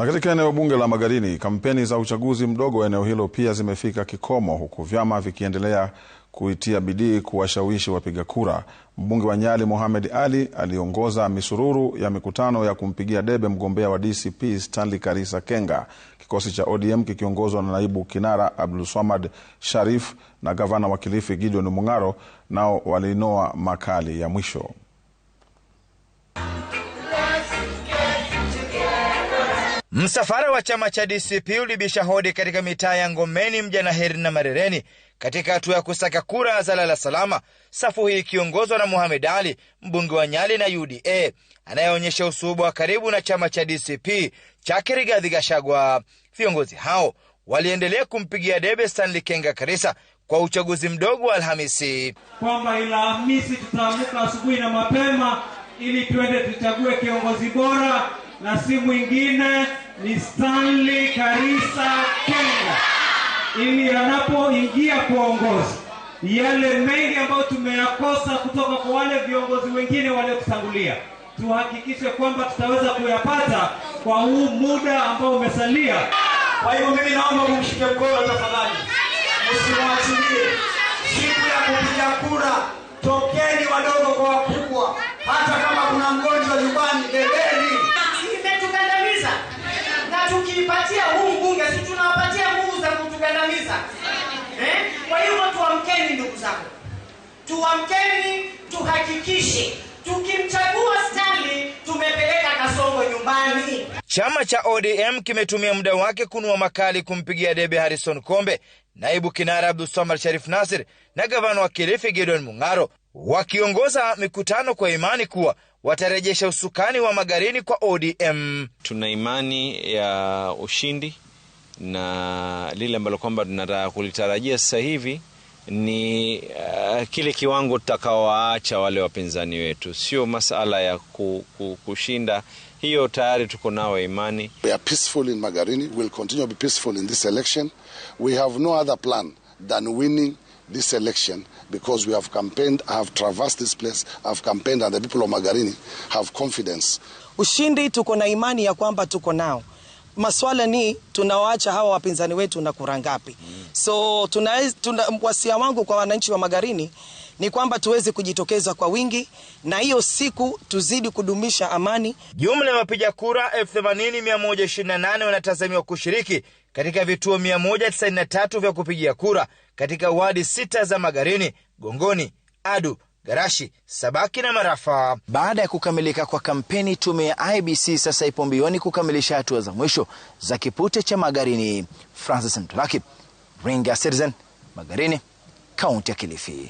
Na katika eneo bunge la Magarini, kampeni za uchaguzi mdogo eneo hilo pia zimefika kikomo, huku vyama vikiendelea kuitia bidii kuwashawishi wapiga kura. Mbunge wa Nyali Mohamed Ali aliongoza misururu ya mikutano ya kumpigia debe mgombea wa DCP Stanley Karisa Kenga. Kikosi cha ODM kikiongozwa na naibu kinara Abdulswamad Sharif na gavana wa Kilifi Gideon Mung'aro nao waliinoa makali ya mwisho. Msafara wa chama cha DCP ulibisha hodi katika mitaa ya Ngomeni, Mjanaheri na Marereni katika hatua ya kusaka kura za lala salama, safu hii ikiongozwa na muhamed Ali, mbunge wa Nyali na UDA anayeonyesha usuhuba wa karibu na chama cha DCP chake Rigathi Gachagua. Viongozi hao waliendelea kumpigia debe Stanley Kenga Karisa kwa uchaguzi mdogo wa Alhamisi, kwamba Alhamisi tutaamuka asubuhi na mapema ili tuende tuchague kiongozi bora na si mwingine ni Stanley Karisa Kenga, ili anapoingia kuongoza yale mengi ambayo tumeyakosa kutoka kwa wale viongozi wengine waliotutangulia, tuhakikishe kwamba tutaweza kuyapata kwa huu muda ambao umesalia. Kwa hivyo mimi naomba kumshike mkono tafadhali, msimwachilie. Siku ya kupiga kura, tokeni wadogo kwa wakubwa, hata kama kuna mgonjwa nyumbani, bebe zangu, tuamkeni, tuhakikishe tukimchagua Stanley tumepeleka kasongo nyumbani. Chama cha ODM kimetumia muda wake kunua makali kumpigia debe Harrison Kombe, naibu kinara Abdul Samad Sharif Nasir na gavana wa Kilifi Gideon Mung'aro, wakiongoza mikutano kwa imani kuwa watarejesha usukani wa Magarini kwa ODM. Tuna imani ya ushindi na lile ambalo kwamba tunataka kulitarajia sasa hivi ni uh, kile kiwango tutakaowaacha wale wapinzani wetu, sio masala ya ku, ku, kushinda. Hiyo tayari tuko nao imani. We are peaceful in Magarini, we will continue to be peaceful in this election. We have no other plan than winning this election because we have campaigned, have traversed this place, have campaigned and the people of Magarini have confidence. Ushindi tuko na imani ya kwamba tuko nao maswala ni tunawaacha hawa wapinzani wetu na kura ngapi? So tuna, tuna wasia wangu kwa wananchi wa Magarini ni kwamba tuweze kujitokeza kwa wingi na hiyo siku tuzidi kudumisha amani. Jumla ya wapiga kura 80,128 wanatazamiwa kushiriki katika vituo 193 vya kupigia kura katika wadi sita za Magarini, Gongoni, Adu, Garashi, Sabaki na Marafa. Baada ya kukamilika kwa kampeni, tume ya IBC sasa ipo mbioni kukamilisha hatua za mwisho za kipute cha Magarini. Francis Mtalaki, Ringa Citizen, Magarini, kaunti ya Kilifi.